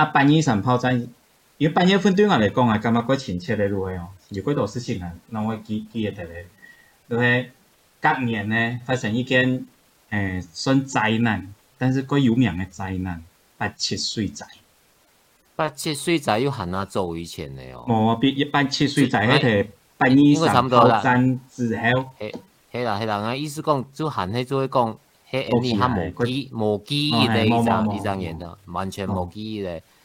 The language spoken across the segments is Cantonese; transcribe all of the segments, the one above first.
啊，八二三炮戰，因為八月份對我來講啊，感覺怪親切的，了哦，有幾多事情啊，讓我記得記得的，對不對？隔年呢，發生一件誒、欸、算災難，但是怪有名的災難，八七水災。八七水災又喊哪做以前的哦？冇，比一般七水災，迄、欸那個八二三炮戰之後。誒，係啦係啦，我、那個、意思講，就喊去做一個，黑面黑冇記冇記憶的，一張一張嘢，完全冇記憶的。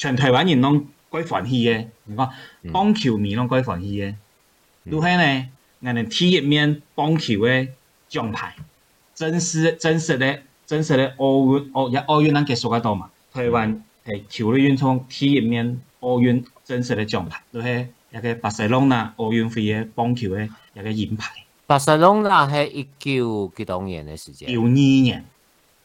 全台灣人攏該歡喜嘅，你看棒球迷攏該歡喜嘅。嗯、都係呢，咱哋第一面棒球嘅獎牌，真實真實的，真實的，奧運奧運奧運咱結束啊到嘛。台灣係球類運動第一面奧運真實的獎牌，都係一個巴塞羅那奧運會嘅棒球嘅一個銀牌。巴塞羅那係一九幾多年嘅時間？九二年。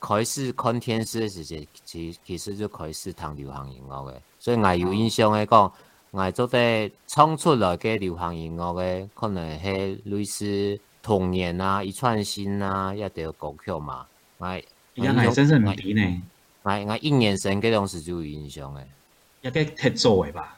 開始看的時候，其實是可其實就開始聽流行音樂的。所以我有印象係講，外做啲唱出來嘅流行音樂嘅，可能係類似童年啊、一串心啊，要得歌曲嘛。啊，啲嘢真係唔掂嘅。係，我一年上嗰種係最有印象嘅。應該特做嘅吧。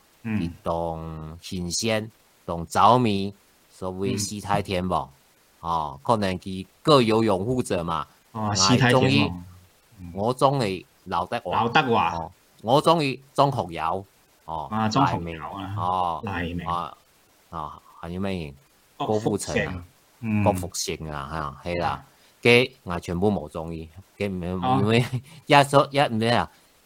嗯、當新鮮，當着迷，所謂四大天王，哦、嗯喔，可能佢各有擁護者嘛。哦，四大天王，我、嗯我，我，我喔啊、中意劉德華，劉德華，我中意張學友，哦、啊，張學明哦，係啊，哦，還有咩郭富城，郭富城啊，係、啊嗯啊啊、啦，佢、嗯、我全部冇中意，佢唔會一索一咩啊？哦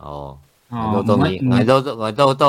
哦，哦，來到我都當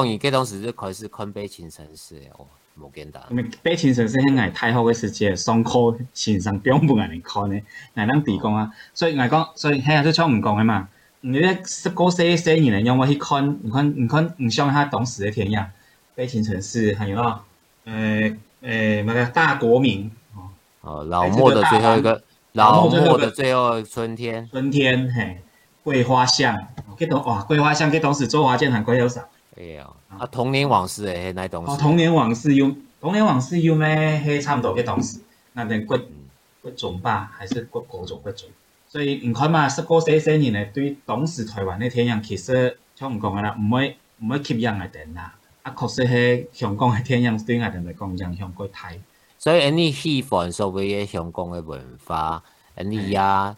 然，他、嗯、當時就開始看北《悲情城、啊哦、城市》哦，冇見得。呃《悲情城市》很太后嘅時節，上課先生表不讓人看呢，人哋講啊，所以人講，所以聽下都唱唔講係嘛？你咧十哥寫寫完嚟讓我去看，你看你看，唔想他當時嘅天呀，《悲情城市》還有咯，誒誒，那個大國民哦，哦，老莫的最後一個，老莫、這個、的最後春天，春天嘿。桂花香，給同哇桂花香給當時周華健含歌有啥？哎喲，啊童年往事誒，那個、東西、嗯。童年往事有童年往事有咩、啊？嘿，差不多給當時，那邊，國國中吧，還是國高中國中。所以你看嘛，過些些年嘞，對當時台灣的電影，其實聽唔講噶啦，唔會唔會吸引來定啦。啊，確實係香港的電影對阿定來講影響過大。所以你喜歡所謂嘅香港的文化，你呀？